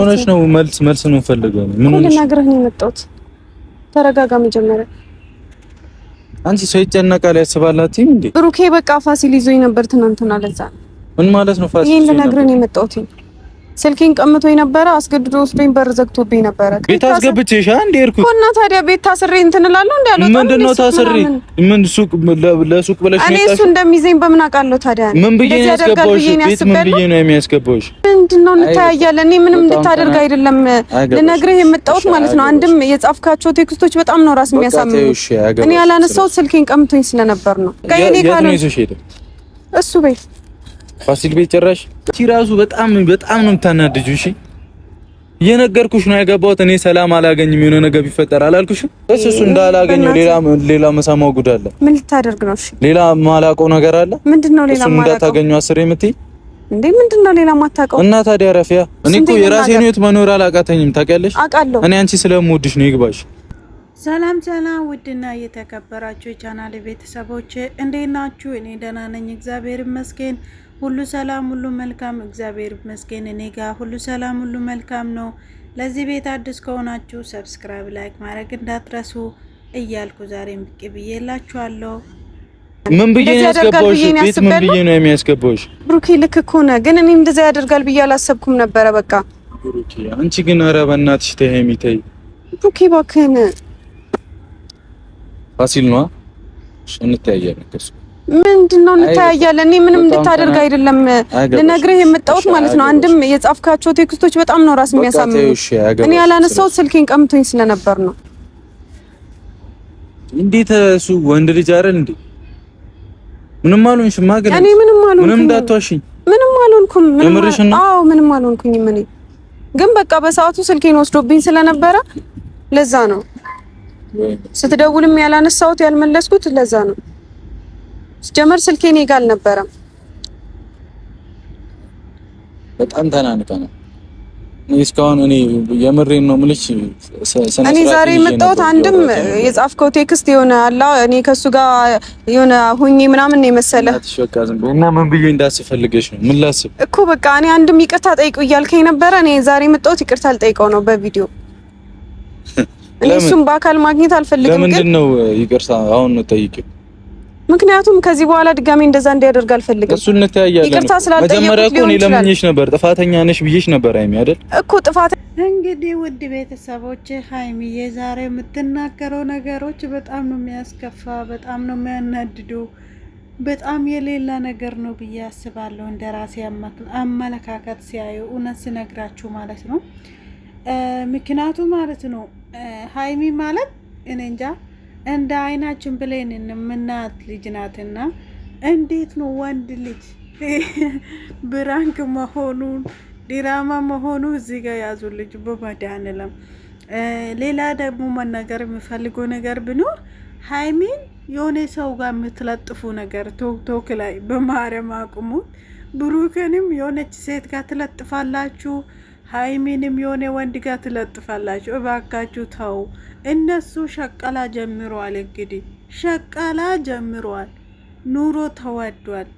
ሆነሽ ነው? መልስ መልስ ነው ፈልገው ምን ሆነሽ ልነግርህ ነው የመጣሁት። ተረጋጋ። መጀመሪያ አንቺ ሰው ይጨነቃል ያስባል እንዴ? ብሩኬ በቃ ፋሲል ይዞኝ ነበር ትናንትና። ለዛ ምን ማለት ነው ፋሲል? ይሄን ልነግርህ ነው የመጣሁት። ስልኬን ቀምቶ የነበረ አስገድዶ ወስዶኝ በር ዘግቶብኝ ነበረ። ቤት አስገብቼሽ እንደ ሄድኩት እና ታዲያ ቤት ታስሬ እንትን እላለሁ እንደ አልወጣም። ምንድን ታስሬ? ምን ሱቅ ለሱቅ ብለሽ ነው? እኔ እሱ እንደሚይዘኝ በምን አውቃለሁ ታዲያ? ምን ብዬሽ ነው ያስገባሁሽ? ቤት ምን ብዬሽ ነው የሚያስገባሁሽ? ምንድን ነው እንታያያለን። እኔ ምንም እንድታደርግ አይደለም ልነግርህ የምጣውት ማለት ነው። አንድም የጻፍካቸው ቴክስቶች በጣም ነው ራስ የሚያሳምኑ። እኔ ያላነሳሁት ስልኬን ቀምቶኝ ስለነበር ነው። ቀይኔ ካለ እሱ ቤት ፋሲል ቤት ጭራሽ ራሱ በጣም በጣም ነው የምታናድጁ። እሺ እየነገርኩሽ ነው ያገባሁት። እኔ ሰላም አላገኝም፣ የሆነ ነገር ቢፈጠር አላልኩሽ? እሱ እሱ እንዳላገኘው ሌላ ሌላ መሰማው ጉድ አለ። ምን ልታደርግ ነው? እሺ ሌላ ማላውቀው ነገር አለ። ምንድነው? ሌላ ማላውቀው እንዳታገኙ አስሬ የምትይ እንዴ ምንድነው? ሌላ ማታውቀው እና ታዲያ ረፊያ፣ እኔ እኮ የራሴን ህይወት መኖር አላቃተኝም። ታውቂያለሽ? አውቃለሁ። እኔ አንቺ ስለምወድሽ ነው ይግባሽ። ሰላም ሰላም፣ ውድና የተከበራችሁ የቻናል ቤተሰቦች እንዴት ናችሁ? እኔ ደህና ነኝ፣ እግዚአብሔር ይመስገን። ሁሉ ሰላም፣ ሁሉ መልካም፣ እግዚአብሔር ይመስገን። እኔ ጋር ሁሉ ሰላም፣ ሁሉ መልካም ነው። ለዚህ ቤት አዲስ ከሆናችሁ ሰብስክራይብ፣ ላይክ ማድረግ እንዳትረሱ እያልኩ ዛሬም ብቅ ብዬላችኋለሁ። ምን ብዬ ነው ያስገባሁሽ? ቤት ምን ብዬ ነው የሚያስገባሁሽ? ብሩኬ ልክ እኮ ነህ፣ ግን እኔ እንደዛ ያደርጋል ብዬ አላሰብኩም ነበረ። በቃ ብሩኬ፣ አንቺ ግን ኧረ በእናትሽ ተይ ሀይሚ ተይ። ብሩኬ እባክህን። ፋሲል ነዋ። እንተያያለን ከእሱ ምንድን ነው እንታያያለን። እኔ ምንም እንድታደርግ አይደለም ልነግርህ የመጣሁት ማለት ነው። አንድም የጻፍካቸው ቴክስቶች በጣም ነው ራስ የሚያሳምኑ። እኔ ያላነሳሁት ስልኬን ቀምቶኝ ስለነበር ነው። እንዴት እሱ ወንድ ልጅ አረ እንዴ? ምንም አልሆንሽም። ማገለ እኔ ምንም አልሆንኩም። ምንም እንዳትዋሽኝ። ምንም አልሆንኩም። አዎ ምንም አልሆንኩኝም። እኔ ግን በቃ በሰዓቱ ስልኬን ወስዶብኝ ስለነበረ ለዛ ነው ስትደውልም ያላነሳሁት ያልመለስኩት ለዛ ነው። ሲጀመር ስልኬ እኔ ጋር አልነበረም። በጣም ተናንቀ ነው እስካሁን እኔ የምሬን ነው የምልሽ። እኔ ዛሬ የመጣሁት አንድም የጻፍከው ቴክስት የሆነ አላ እኔ ከሱ ጋር የሆነ ሁኜ ምናምን ነው የመሰለ እና ምን ብዬ እንዳስፈልገሽ ነው ምን ላስብ እኮ በቃ እኔ አንድም ይቅርታ ጠይቁ እያልከኝ ነበረ። እኔ ዛሬ የመጣሁት ይቅርታ አልጠይቀው ነው በቪዲዮ። እኔ እሱም በአካል ማግኘት አልፈልግም። ለምንድን ነው ይቅርታ አሁን ነው ጠይቂው ምክንያቱም ከዚህ በኋላ ድጋሚ እንደዛ እንዲያደርግ አልፈልግም። እሱ እንተያያለን። ይቅርታ ስላልጠየቁት መጀመሪያ እኮ እኔ ለምኜሽ ነበር፣ ጥፋተኛ ነሽ ብዬሽ ነበር። አይሚ አይደል እኮ ጥፋት። እንግዲህ ውድ ቤተሰቦች ሀይሚዬ ዛሬ የምትናገረው ነገሮች በጣም ነው የሚያስከፋ፣ በጣም ነው የሚያናድዱ፣ በጣም የሌላ ነገር ነው ብዬ አስባለሁ። እንደ ራሴ አመለካከት ሲያዩ እውነት ስነግራችሁ ማለት ነው ምክንያቱ ማለት ነው ሀይሚ ማለት እኔ እንጃ እንደ አይናችን ብለን የምናያት ልጅ ናትና እንዴት ነው ወንድ ልጅ ብራንክ መሆኑን ዲራማ መሆኑ እዚህ ጋር ልጅ በመድኃኒዓለም። ሌላ ደግሞ መናገር የሚፈልገው ነገር ቢኖር ሀይሚን የሆነ ሰው ጋር የምትለጥፉ ነገር ቶክቶክ ላይ በማርያም አቁሙት። ብሩክንም የሆነች ሴት ጋር ትለጥፋላችሁ። ሀይሚንም የሆነ ወንድ ጋር ትለጥፋላችሁ። እባካችሁ ተው። እነሱ ሸቀላ ጀምረዋል። እንግዲህ ሸቀላ ጀምረዋል። ኑሮ ተዋዷል።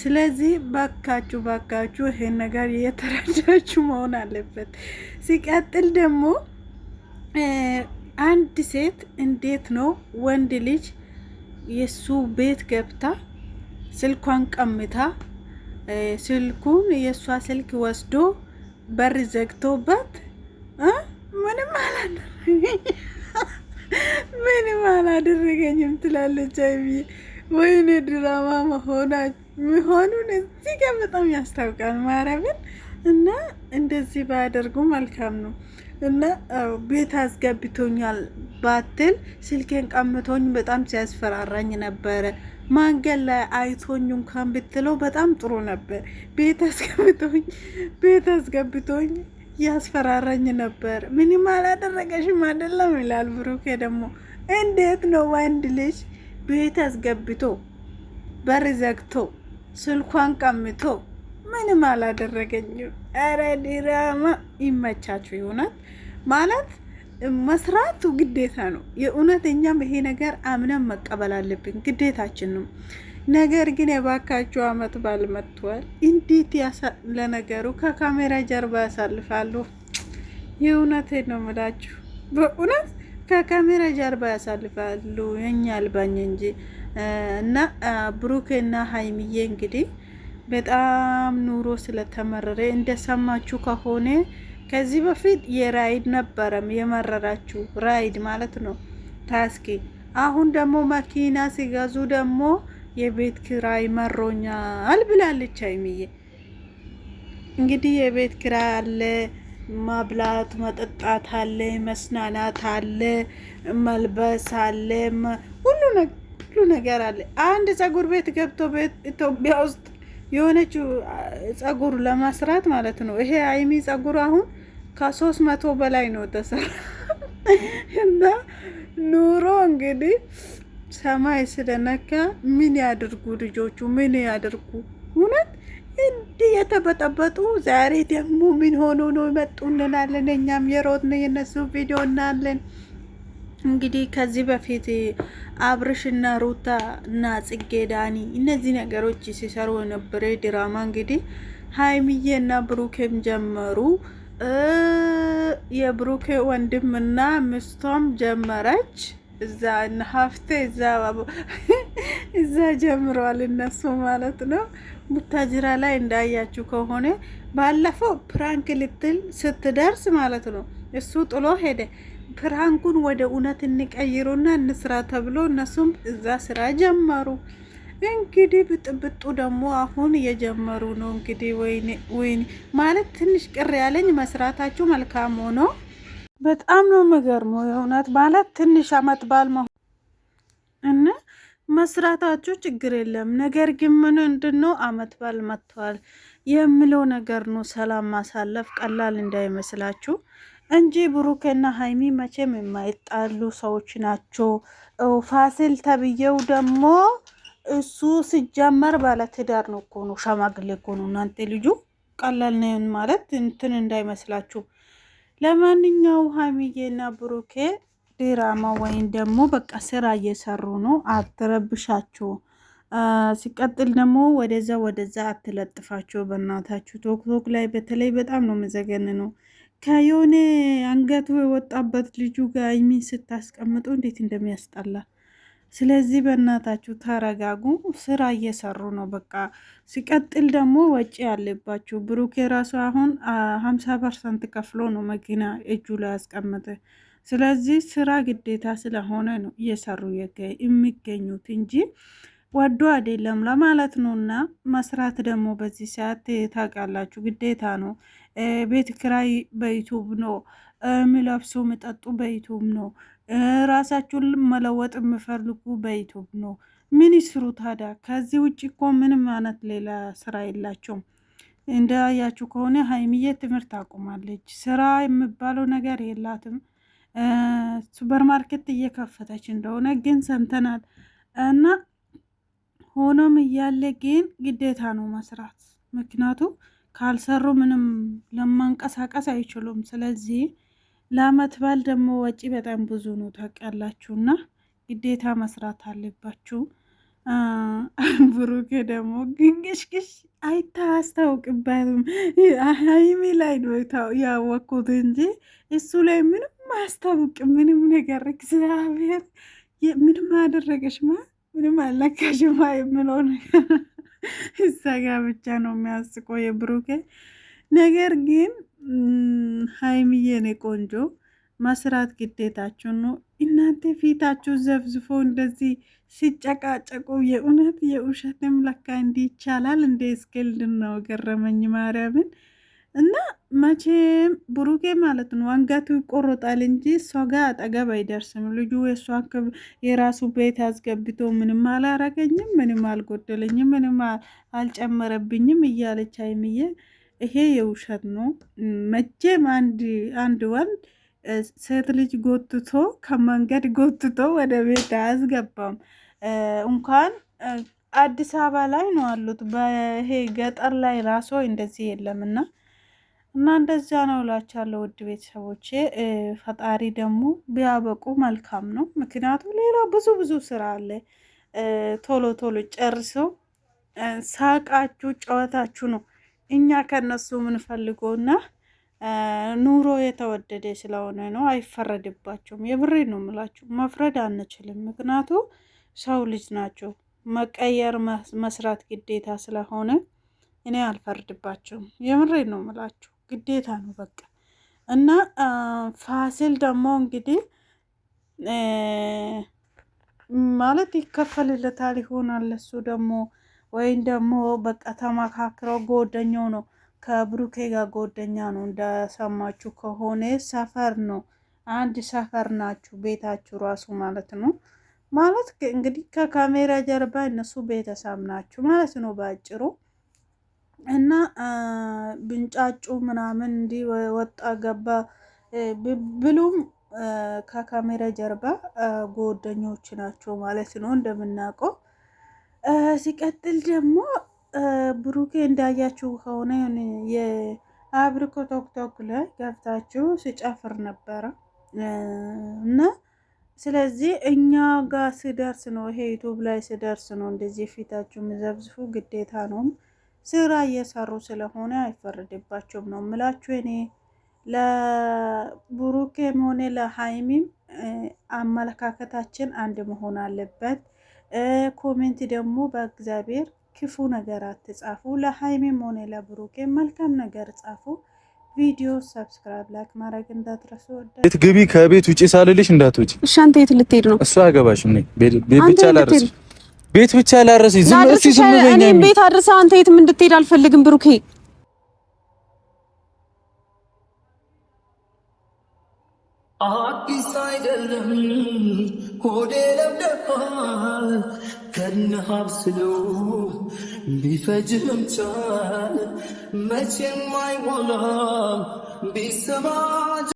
ስለዚህ ባካችሁ ባካችሁ ይሄን ነገር እየተረዳችሁ መሆን አለበት። ሲቀጥል ደግሞ አንድ ሴት እንዴት ነው ወንድ ልጅ የሱ ቤት ገብታ ስልኳን ቀምታ ስልኩን የእሷ ስልክ ወስዶ በር ዘግቶባት ምንም አላደረገኝ ምንም አላደረገኝም ትላለች አይብዬ። ወይኔ ድራማ መሆና መሆኑን እዚህ ጋር በጣም ያስታውቃል ማረብን እና እንደዚህ ባያደርጉ መልካም ነው። እና ቤት አስገብቶኛል ባትል ስልኬን ቀምቶኝ በጣም ሲያስፈራራኝ ነበረ። ማንገድ ላይ አይቶኝ እንኳን ብትለው በጣም ጥሩ ነበር። ቤት አስገብቶኝ ቤት አስገብቶኝ ያስፈራራኝ ነበር። ምንም አላደረገሽም አይደለም ይላል ብሩኬ። ደግሞ እንዴት ነው ወንድ ልጅ ቤት አስገብቶ በር ዘግቶ ስልኳን ቀምቶ ምንም አላደረገኝም። ኧረ ዲራማ ይመቻችሁ ይሆናል ማለት መስራቱ ግዴታ ነው። የእውነት እኛም ይሄ ነገር አምነን መቀበል አለብን፣ ግዴታችን ነው። ነገር ግን የባካችሁ አመት ባል መጥቷል። እንዴት ለነገሩ ከካሜራ ጀርባ ያሳልፋሉ። የእውነቴ ነው ምላችሁ፣ በእውነት ከካሜራ ጀርባ ያሳልፋሉ። የኛ አልባኝ እንጂ እና ብሩኬና ሀይሚዬ እንግዲህ በጣም ኑሮ ስለተመረረ እንደሰማችሁ ከሆነ ከዚህ በፊት የራይድ ነበረም የመረራችሁ ራይድ ማለት ነው ታስኪ። አሁን ደግሞ መኪና ሲገዙ ደግሞ የቤት ኪራይ መሮኛል ብላለች አይምዬ። እንግዲህ የቤት ኪራይ አለ፣ ማብላት መጠጣት አለ፣ መስናናት አለ፣ መልበስ አለ፣ ሁሉ ነገር አለ። አንድ ጸጉር ቤት ገብቶ ቤት ኢትዮጵያ ውስጥ የሆነችው ጸጉር ለማስራት ማለት ነው። ይሄ አይሚ ጸጉር አሁን ከሶስት መቶ በላይ ነው ተሰራ እና ኑሮ እንግዲህ ሰማይ ስለነካ ምን ያድርጉ ልጆቹ ምን ያድርጉ? እውነት እንዲህ የተበጠበጡ ዛሬ ደግሞ ምን ሆኖ ነው እንላለን። እኛም የሮጥን የነሱ ቪዲዮ እናለን እንግዲህ ከዚህ በፊት አብርሽና ሩታ እና ጽጌ ዳኒ እነዚህ ነገሮች ሲሰሩ የነበረ ድራማ እንግዲህ እና ብሩኬም ጀመሩ። የብሩኬ ወንድምና ምስቶም ጀመረች። እዛ ሀፍቴ እዛ እዛ ጀምረዋል እነሱ ማለት ነው። ቡታጅራ ላይ እንዳያችሁ ከሆነ ባለፈው ፕራንክ ልትል ስትደርስ ማለት ነው እሱ ጥሎ ሄደ። ፕራንኩን ወደ እውነት እንቀይሩና እንስራ ተብሎ እነሱም እዛ ስራ ጀመሩ። እንግዲህ ብጥብጡ ደግሞ አሁን እየጀመሩ ነው። እንግዲህ ወይኔ ማለት ትንሽ ቅር ያለኝ መስራታችሁ መልካም ሆኖ በጣም ነው የሚገርመው። የእውነት ማለት ትንሽ አመት ባል እና መስራታችሁ ችግር የለም። ነገር ግን ምንድን ነው አመት ባል መጥተዋል የምለው ነገር ነው። ሰላም ማሳለፍ ቀላል እንዳይመስላችሁ። እንጂ ብሩኬና ሀይሚ መቼም የማይጣሉ ሰዎች ናቸው። ፋሲል ተብዬው ደግሞ እሱ ሲጀመር ባለትዳር ነው እኮ ነው፣ ሸማግሌ እኮ ነው። እናንተ ልጁ ቀላል ነን ማለት እንትን እንዳይመስላችሁ። ለማንኛው ሀይሚዬና ብሩኬ ድራማ ወይም ደግሞ በቃ ስራ እየሰሩ ነው። አትረብሻቸው። ሲቀጥል ደግሞ ወደዛ ወደዛ አትለጥፋቸው በእናታችሁ። ቶክቶክ ላይ በተለይ በጣም ነው መዘገን ነው ከየሆነ አንገቱ የወጣበት ልጁ ጋር ይሚን ስታስቀምጡ እንዴት እንደሚያስጠላ። ስለዚህ በእናታችሁ ተረጋጉ። ስራ እየሰሩ ነው በቃ። ሲቀጥል ደግሞ ወጪ ያለባችሁ ብሩክ የራሱ አሁን ሀምሳ ፐርሰንት ከፍሎ ነው መኪና እጁ ላይ ያስቀመጠ። ስለዚህ ስራ ግዴታ ስለሆነ ነው እየሰሩ የሚገኙት እንጂ ወዶ አይደለም ለማለት ነው። እና መስራት ደግሞ በዚህ ሰዓት ታውቃላችሁ ግዴታ ነው። ቤት ክራይ በዩቱብ ነው፣ የሚለብሱ የሚጠጡ በዩቱብ ነው፣ ራሳችሁን መለወጥ የምፈልጉ በዩቱብ ነው። ምን ይስሩ ታዲያ? ከዚህ ውጭ እኮ ምንም አይነት ሌላ ስራ የላቸውም። እንዳያችሁ ከሆነ ሀይሚዬ ትምህርት አቁማለች። ስራ የሚባለው ነገር የላትም። ሱፐርማርኬት እየከፈተች እንደሆነ ግን ሰምተናል እና ሆኖም እያለ ግን ግዴታ ነው መስራት ምክንያቱም ካልሰሩ ምንም ለማንቀሳቀስ አይችሉም። ስለዚህ ለአመት በዓል ደግሞ ወጪ በጣም ብዙ ነው ታውቃላችሁ፣ እና ግዴታ መስራት አለባችሁ። ብሩኬ ደግሞ ግንግሽግሽ አይታስታውቅባትም። ሀይሚ ላይ ነው ያወቅኩት እንጂ እሱ ላይ ምንም አስታውቅ ምንም ነገር እግዚአብሔር ምንም አደረገሽማ ምንም አለካሽማ የምለው ነገር እዛ ጋ ብቻ ነው የሚያስቆ የብሩኬ ነገር። ግን ሀይሚዬ ኔ ቆንጆ መስራት ግዴታችሁ ነው። እናንተ ፊታችሁ ዘፍዝፎ እንደዚህ ሲጨቃጨቁ የእውነት የውሸትም ለካ እንዲ ይቻላል እንደ እስክልድ ነው ገረመኝ ማርያምን እና መቼም ብሩኬ ማለት ነው አንገቱ ይቆረጣል እንጂ እሷ ጋ አጠገብ አይደርስም። ልጁ የእሷ የራሱ ቤት አስገብቶ ምንም አላረገኝም፣ ምንም አልጎደለኝም፣ ምንም አልጨመረብኝም እያለች አይምዬ፣ ይሄ የውሸት ነው። መቼም አንድ ወንድ ሴት ልጅ ጎትቶ ከመንገድ ጎትቶ ወደ ቤት አያስገባም። እንኳን አዲስ አበባ ላይ ነው አሉት፣ በይሄ ገጠር ላይ ራሶ እንደዚህ የለምና እና እንደዚያ ነው እላችኋለሁ ውድ ቤተሰቦቼ። ፈጣሪ ደግሞ ቢያበቁ መልካም ነው። ምክንያቱም ሌላ ብዙ ብዙ ስራ አለ። ቶሎ ቶሎ ጨርሰው ሳቃችሁ፣ ጨዋታችሁ ነው እኛ ከነሱ የምንፈልገውና ኑሮ የተወደደ ስለሆነ ነው። አይፈረድባቸውም። የብሬ ነው የምላችሁ። መፍረድ አንችልም። ምክንያቱ ሰው ልጅ ናቸው። መቀየር መስራት ግዴታ ስለሆነ እኔ አልፈርድባቸውም። የምሬ ነው የምላችሁ። ግዴታ ነው በቃ። እና ፋሲል ደግሞ እንግዲህ ማለት ይከፈልለታል ይሆናል ለሱ ደግሞ ወይም ደግሞ በቃ ተመካክረው ጎደኛው ነው ከብሩኬ ጋር ጎደኛ ነው። እንደሰማችሁ ከሆነ ሰፈር ነው አንድ ሰፈር ናችሁ፣ ቤታችሁ ራሱ ማለት ነው። ማለት እንግዲህ ከካሜራ ጀርባ እነሱ ቤተሰብ ናችሁ ማለት ነው በአጭሩ። እና ብንጫጩ ምናምን እንዲ ወጣ ገባ ብሉም ከካሜራ ጀርባ ጎደኞች ናቸው ማለት ነው እንደምናውቀው። ሲቀጥል ደግሞ ብሩኬ እንዳያችሁ ከሆነ የአብሪኮ ቶክቶክ ላይ ገብታችሁ ሲጨፍር ነበረ እና ስለዚህ እኛ ጋር ስደርስ ነው ይሄ ዩቱብ ላይ ስደርስ ነው እንደዚህ ፊታችሁ ምዘብዝፉ ግዴታ ነው። ስራ እየሰሩ ስለሆነ አይፈረድባቸውም ነው ምላችሁ። እኔ ለብሩኬም ሆነ ለሀይሚም አመለካከታችን አንድ መሆን አለበት። ኮሜንት ደግሞ በእግዚአብሔር ክፉ ነገር አትጻፉ። ለሀይሚም ሆነ ለብሩኬ መልካም ነገር ጻፉ። ቪዲዮ ሰብስክራይብ ላይክ ማድረግ እንዳትረሱ። ቤት ግቢ ከቤት ውጭ ሳልልሽ እንዳትወጪ። እሺ፣ አንተ የት ልትሄድ ነው? እሱ አያገባሽም። ቤት ብቻ ላርስ ቤት ብቻ ላረሰ ዝም ብለሽ ዝም ብለሽ ቤት አድርሰ አንተ የትም እንድትሄድ አልፈልግም ብሩኬ። አዲስ አይደለም ሆዴ ለምደፋል ከነ ሀብስሎ ቻል መቼም አይሞላም ቢሰማ